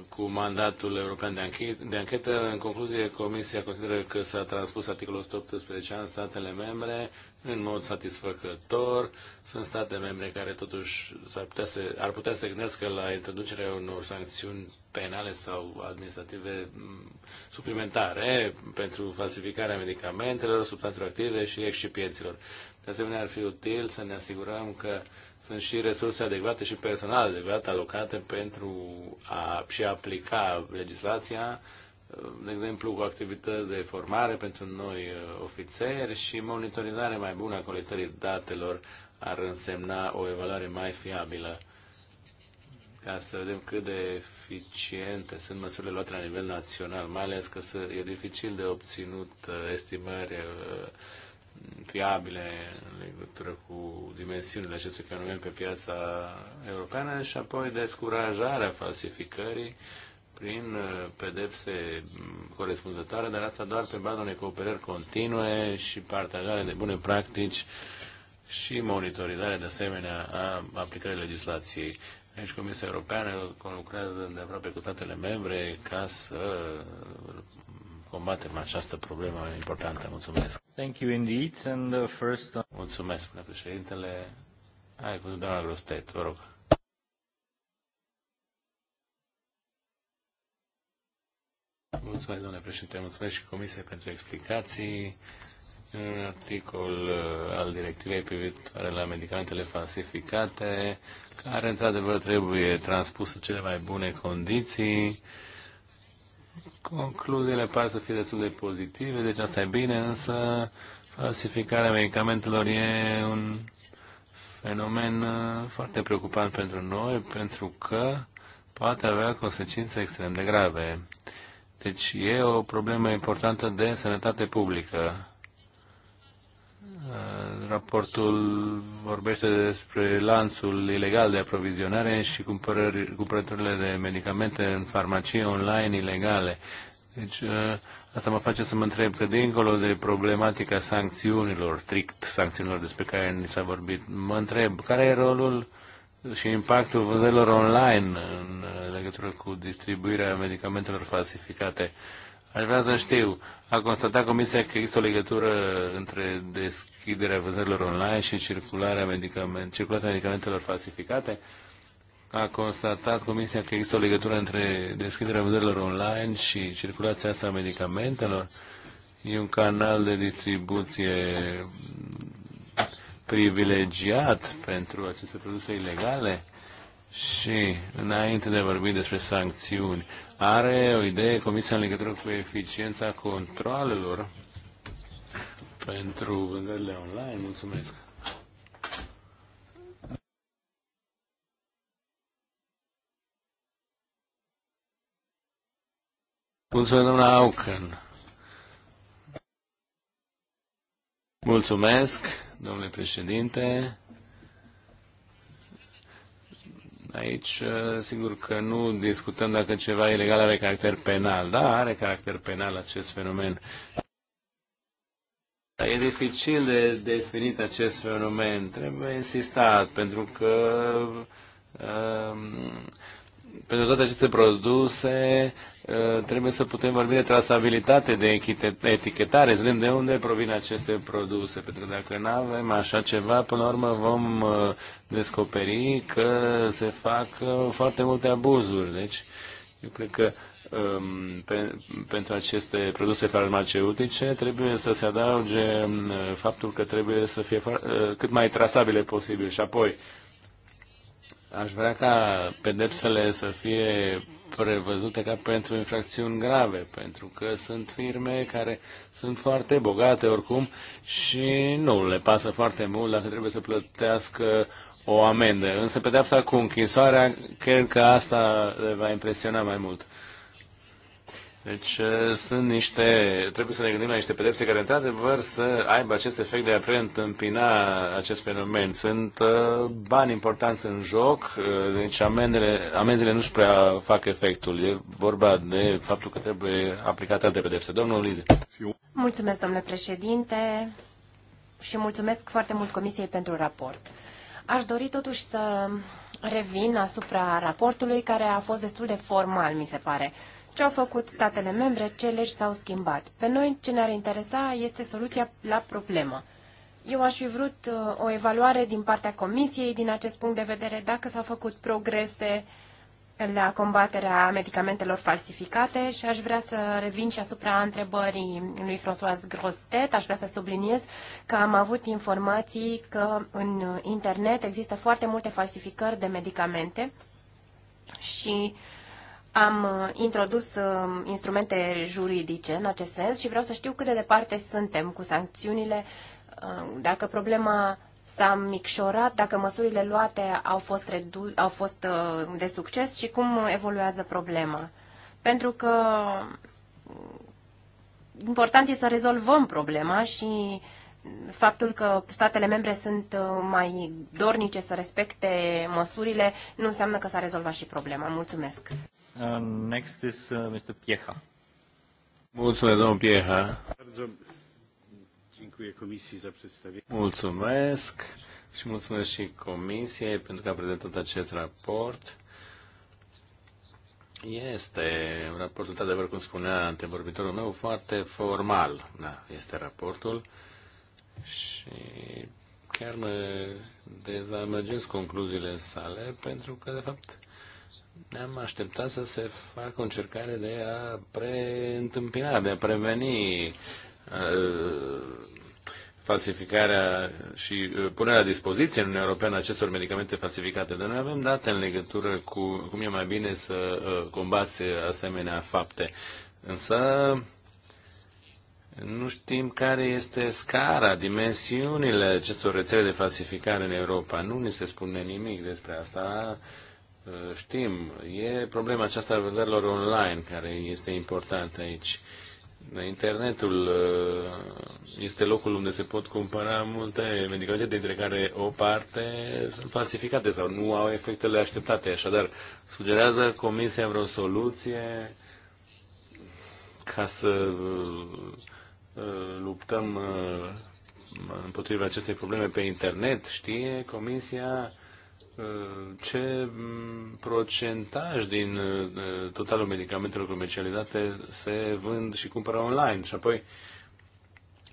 cu mandatul european de, anche- de anchetă. În concluzie, Comisia consideră că s-a transpus articolul 118 în statele membre în mod satisfăcător. Sunt state membre care totuși ar putea să, ar putea să gândească la introducerea unor sancțiuni penale sau administrative mm, suplimentare pentru falsificarea medicamentelor, substanțelor active și excipienților. De asemenea, ar fi util să ne asigurăm că sunt și resurse adecvate și personal adecvat alocate pentru a și aplica legislația, de exemplu, cu activități de formare pentru noi uh, ofițeri și monitorizare mai bună a colectării datelor ar însemna o evaluare mai fiabilă ca să vedem cât de eficiente sunt măsurile luate la nivel național, mai ales că e dificil de obținut uh, estimări uh, fiabile în legătură cu dimensiunile acestui fenomen pe piața europeană și apoi descurajarea falsificării prin uh, pedepse mm, corespunzătoare, dar asta doar pe baza unei cooperări continue și partajare de bune practici și monitorizarea de asemenea a aplicării legislației. Aici Comisia Europeană lucrează de aproape cu statele membre ca să combatem această problemă importantă. Mulțumesc. Thank you indeed. And the first... Mulțumesc, spune președintele. Hai cu doamna Grostet, vă rog. Mulțumesc, domnule președinte, mulțumesc și Comisiei pentru explicații un articol uh, al directivei privitoare la medicamentele falsificate, care într-adevăr trebuie transpusă cele mai bune condiții. Concluziile par să fie destul de pozitive, deci asta e bine, însă falsificarea medicamentelor e un fenomen uh, foarte preocupant pentru noi, pentru că poate avea consecințe extrem de grave. Deci e o problemă importantă de sănătate publică Raportul vorbește despre lanțul ilegal de aprovizionare și cumpărăturile de medicamente în farmacie online ilegale. Deci uh, asta mă face să mă întreb că dincolo de problematica sancțiunilor, strict sancțiunilor despre care ni s-a vorbit, mă întreb care e rolul și impactul vânzărilor online în uh, legătură cu distribuirea medicamentelor falsificate. Uh, Aș vrea să știu, a constatat Comisia că există o legătură între deschiderea vânzărilor online și circularea, medicament, circularea medicamentelor falsificate? A constatat Comisia că există o legătură între deschiderea vânzărilor online și circulația asta a medicamentelor? E un canal de distribuție privilegiat pentru aceste produse ilegale? Și înainte de a vorbi despre sancțiuni, are o idee Comisia în legătură cu eficiența controlelor pentru vânzările online? Mulțumesc! Mulțumesc, doamna Auken. Mulțumesc, domnule președinte. Aici, uh, sigur că nu discutăm dacă ceva ilegal are caracter penal. Da, are caracter penal acest fenomen. E dificil de definit acest fenomen. Trebuie insistat, pentru că Uh, pentru toate aceste produse uh, trebuie să putem vorbi de trasabilitate, de etichetare, să vedem de unde provin aceste produse, pentru că dacă nu avem așa ceva, până la urmă vom uh, descoperi că se fac uh, foarte multe abuzuri. Deci, eu cred că um, pe, pentru aceste produse farmaceutice trebuie să se adauge faptul că trebuie să fie cât mai trasabile posibil și apoi Aș vrea ca pedepsele să fie prevăzute ca pentru infracțiuni grave, pentru că sunt firme care sunt foarte bogate oricum și nu le pasă foarte mult dacă trebuie să plătească o amendă. Însă pedepsa cu închisoarea, cred că asta le va impresiona mai mult. Deci uh, sunt niște, trebuie să ne gândim la niște pedepse care într-adevăr să aibă acest efect de a preîntâmpina acest fenomen. Sunt uh, bani importanți în joc, uh, deci amendele, amenzile nu-și prea fac efectul. E vorba de faptul că trebuie aplicate alte pedepse. Domnul Lide. Mulțumesc, domnule președinte, și mulțumesc foarte mult Comisiei pentru raport. Aș dori totuși să revin asupra raportului care a fost destul de formal, mi se pare. Ce au făcut statele membre, ce legi s-au schimbat? Pe noi ce ne-ar interesa este soluția la problemă. Eu aș fi vrut uh, o evaluare din partea Comisiei din acest punct de vedere, dacă s-au făcut progrese la combaterea medicamentelor falsificate și aș vrea să revin și asupra întrebării lui François Grostet. Aș vrea să subliniez că am avut informații că în internet există foarte multe falsificări de medicamente și uh, am uh, introdus uh, instrumente juridice în acest sens și vreau să știu cât de departe suntem cu sancțiunile, uh, dacă problema s-a micșorat, dacă măsurile luate au fost, redu- au fost de succes și cum evoluează problema. Pentru că important e să rezolvăm problema și faptul că statele membre sunt mai dornice să respecte măsurile nu înseamnă că s-a rezolvat și problema. Mulțumesc! Uh, next is uh, Mr. Piecha. Mulțumesc, domnul Pieha. Mulțumesc și mulțumesc și Comisiei pentru că a prezentat acest raport. Este un raport, într-adevăr, cum spunea antevorbitorul meu, foarte formal. Da, este raportul și chiar mă dezamăgesc concluziile sale pentru că, de fapt, ne-am așteptat să se facă o încercare de a preîntâmpina, de a preveni uh, falsificarea și uh, punerea la dispoziție în Uniunea Europeană acestor medicamente falsificate. Dar noi avem date în legătură cu cum e mai bine să uh, combați asemenea fapte. Însă nu știm care este scara, dimensiunile acestor rețele de falsificare în Europa. Nu ni se spune nimic despre asta. Eh, știm, e problema aceasta a vânzărilor online care este importantă aici. Internetul eh, este locul unde se pot cumpăra multe medicamente, dintre care o parte sunt falsificate sau nu au efectele așteptate. Așadar, sugerează Comisia vreo soluție ca să eh, luptăm împotriva acestei probleme pe internet? Știe Comisia ce procentaj din uh, totalul medicamentelor comercializate se vând și cumpără online și apoi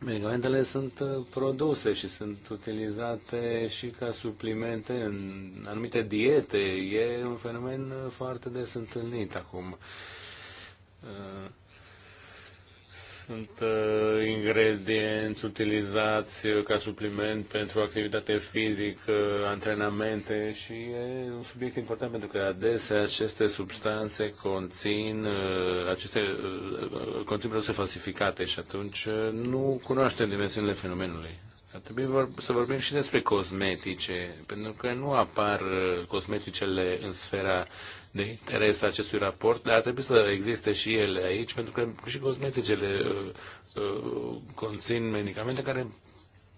Medicamentele sunt uh, produse și sunt utilizate și ca suplimente în anumite diete. E un fenomen uh, foarte des întâlnit acum sunt uh, ingredienți utilizați ca supliment pentru activitate fizică, antrenamente și e un subiect important pentru că adesea aceste substanțe conțin, uh, aceste, uh, uh conțin produse falsificate și atunci uh, nu cunoaștem dimensiunile fenomenului. Ar trebui să vorbim și despre cosmetice, pentru că nu apar uh, cosmeticele în sfera de interes a acestui raport, dar ar trebui să existe și ele aici, pentru că și cosmeticele uh, uh, conțin medicamente care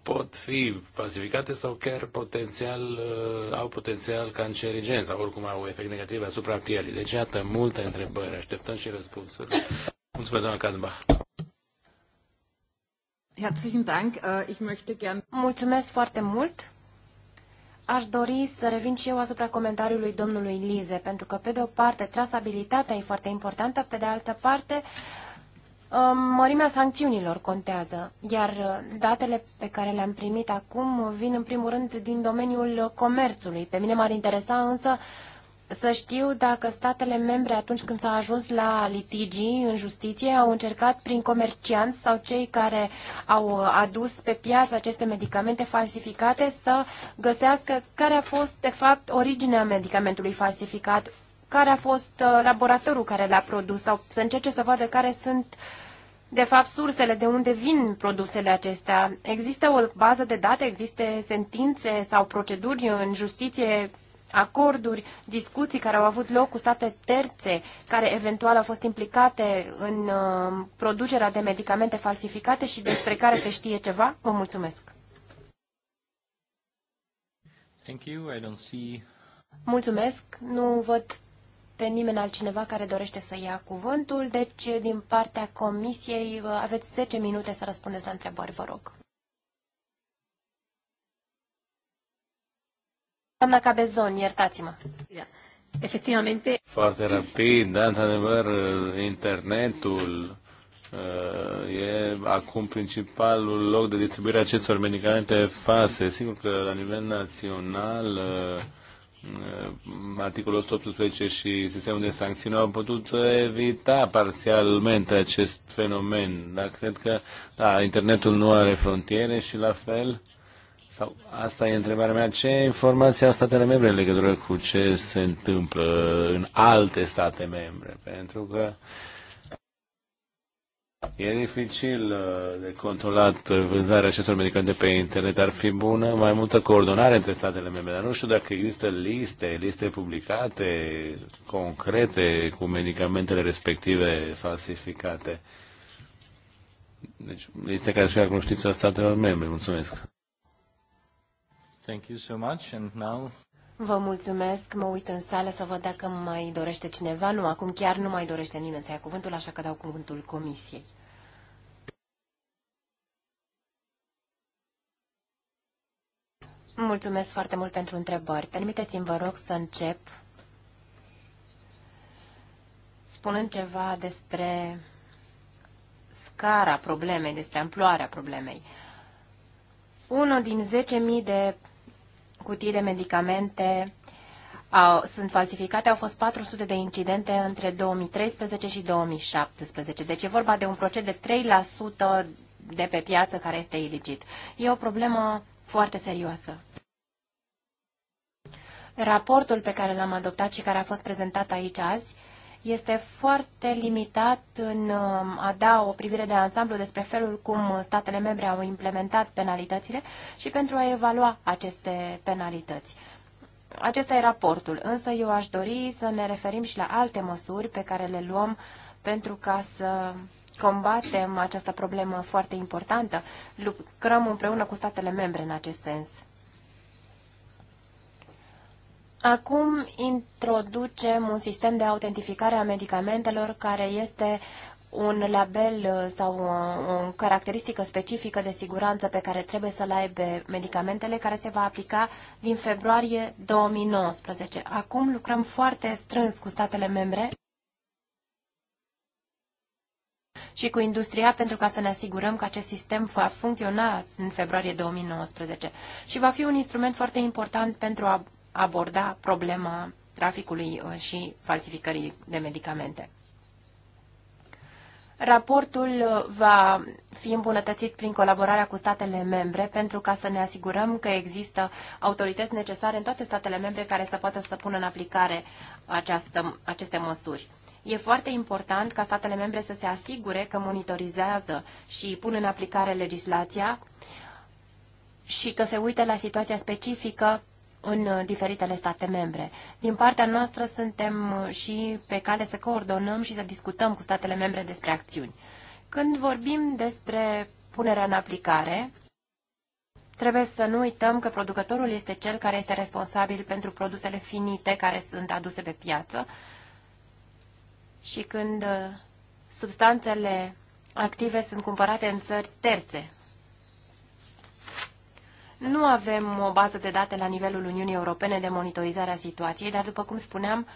pot fi falsificate sau chiar potențial, uh, au potențial cancerigen sau oricum au efect negativ asupra pielii. Deci, iată, multe întrebări. Așteptăm și răspunsuri. Mulțumesc, doamna Cadba. Äh, Mulțumesc foarte mult. Aș dori să revin și eu asupra comentariului domnului Lize, pentru că, pe de o parte, trasabilitatea e foarte importantă, pe de altă parte, um, mărimea sancțiunilor contează, iar uh, datele pe care le-am primit acum vin, în primul rând, din domeniul comerțului. Pe mine m-ar interesa, însă, să știu dacă statele membre, atunci când s-a ajuns la litigii în justiție, au încercat prin comercianți sau cei care au adus pe piață aceste medicamente falsificate să găsească care a fost, de fapt, originea medicamentului falsificat, care a fost uh, laboratorul care l-a produs sau să încerce să vadă care sunt de fapt, sursele de unde vin produsele acestea. Există o bază de date, există sentințe sau proceduri în justiție acorduri, discuții care au avut loc cu state terțe care eventual au fost implicate în uh, producerea de medicamente falsificate și despre care se știe ceva? Vă mulțumesc! Thank you. I don't see... Mulțumesc! Nu văd pe nimeni altcineva care dorește să ia cuvântul, deci din partea comisiei uh, aveți 10 minute să răspundeți la întrebări, vă rog. Doamna Cabezon, iertați-mă. Da. Efectivamente. Foarte rapid, da, într-adevăr, internetul uh, e acum principalul loc de distribuire a acestor medicamente fase. Sigur că la nivel național uh, uh, articolul 118 și sistemul de sancțiuni au putut evita parțialmente acest fenomen, dar cred că da, internetul nu are frontiere și la fel sau asta e întrebarea mea. Ce informații au statele membre în legătură cu ce se întâmplă în alte state membre? Pentru că E dificil uh, de controlat uh, vânzarea acestor medicamente pe internet. Ar fi bună mai multă coordonare între statele membre, dar nu știu dacă există liste, liste publicate, concrete, cu medicamentele respective falsificate. Deci, liste care să fie la cunoștința statelor membre. Mulțumesc. Thank you so much. And now... Vă mulțumesc, mă uit în sală să văd dacă mai dorește cineva. Nu, acum chiar nu mai dorește nimeni să ia cuvântul, așa că dau cuvântul comisiei. Mulțumesc foarte mult pentru întrebări. Permiteți-mi, vă rog, să încep spunând ceva despre scara problemei, despre amploarea problemei. Unul din 10.000 de cutii de medicamente au, sunt falsificate, au fost 400 de incidente între 2013 și 2017. Deci e vorba de un procent de 3% de pe piață care este ilicit. E o problemă foarte serioasă. Raportul pe care l-am adoptat și care a fost prezentat aici azi este foarte limitat în um, a da o privire de ansamblu despre felul cum statele membre au implementat penalitățile și pentru a evalua aceste penalități. Acesta e raportul, însă eu aș dori să ne referim și la alte măsuri pe care le luăm pentru ca să combatem această problemă foarte importantă. Lucrăm împreună cu statele membre în acest sens. Acum introducem un sistem de autentificare a medicamentelor care este un label uh, sau uh, o caracteristică specifică de siguranță pe care trebuie să-l aibă medicamentele, care se va aplica din februarie 2019. Acum lucrăm foarte strâns cu statele membre și cu industria pentru ca să ne asigurăm că acest sistem va funcționa în februarie 2019 și va fi un instrument foarte important pentru a aborda problema traficului uh, și falsificării de medicamente. Raportul uh, va fi îmbunătățit prin colaborarea cu statele membre pentru ca să ne asigurăm că există autorități necesare în toate statele membre care să poată să pună în aplicare această, aceste măsuri. E foarte important ca statele membre să se asigure că monitorizează și pun în aplicare legislația și că se uită la situația specifică în uh, diferitele state membre. Din partea noastră suntem uh, și pe cale să coordonăm și să discutăm cu statele membre despre acțiuni. Când vorbim despre punerea în aplicare, trebuie să nu uităm că producătorul este cel care este responsabil pentru produsele finite care sunt aduse pe piață și când uh, substanțele active sunt cumpărate în țări terțe. Nu avem o bază de date la nivelul Uniunii Europene de monitorizare a situației, dar, după cum spuneam,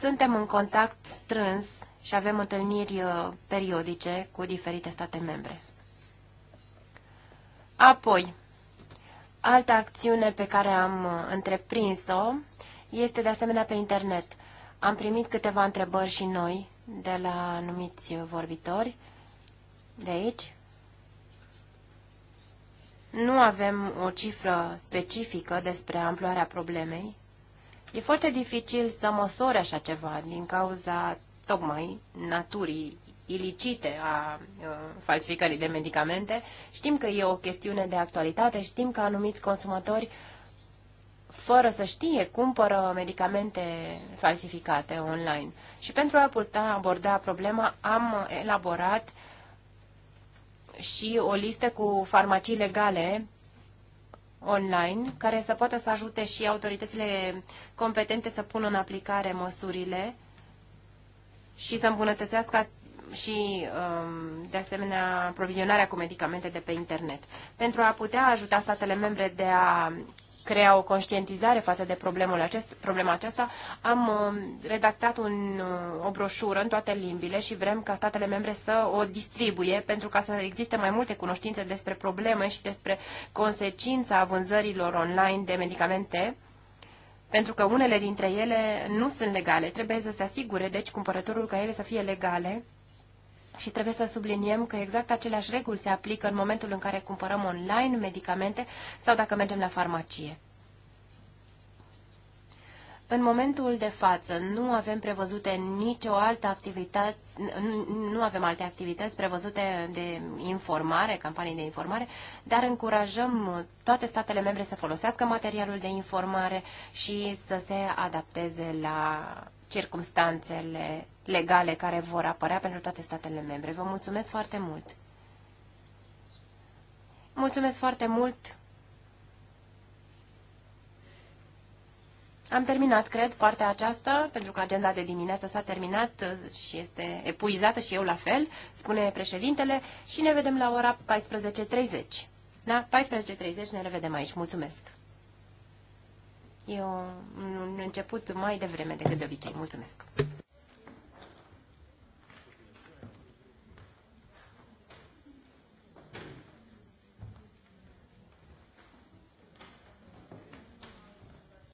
suntem în contact strâns și avem întâlniri uh, periodice cu diferite state membre. Apoi, alta acțiune pe care am uh, întreprins-o este de asemenea pe internet. Am primit câteva întrebări și noi de la anumiți vorbitori de aici nu avem o cifră specifică despre amploarea problemei. E foarte dificil să măsori așa ceva din cauza tocmai naturii ilicite a uh, falsificării de medicamente. Știm că e o chestiune de actualitate, știm că anumiți consumatori, fără să știe, cumpără medicamente falsificate online. Și pentru a putea aborda problema, am elaborat uh, și o listă cu farmacii legale online care să poată să ajute și autoritățile competente să pună în aplicare măsurile și să îmbunătățească și, um, de asemenea, provizionarea cu medicamente de pe internet. Pentru a putea ajuta statele membre de a crea o conștientizare față de problemul acest, problema aceasta, am uh, redactat un, uh, o broșură în toate limbile și vrem ca statele membre să o distribuie pentru ca să existe mai multe cunoștințe despre probleme și despre consecința vânzărilor online de medicamente pentru că unele dintre ele nu sunt legale. Trebuie să se asigure, deci, cumpărătorul ca ele să fie legale și trebuie să subliniem că exact aceleași reguli se aplică în momentul în care cumpărăm online medicamente sau dacă mergem la farmacie. În momentul de față nu avem prevăzute nicio altă activitate, nu avem alte activități prevăzute de informare, campanii de informare, dar încurajăm toate statele membre să folosească materialul de informare și să se adapteze la circumstanțele legale care vor apărea pentru toate statele membre. Vă mulțumesc foarte mult! Mulțumesc foarte mult! Am terminat, cred, partea aceasta, pentru că agenda de dimineață s-a terminat uh, și este epuizată și eu la fel, spune președintele, și ne vedem la ora 14.30. Da? 14.30 ne revedem aici. Mulțumesc! E un început mai devreme decât de obicei. Mulțumesc!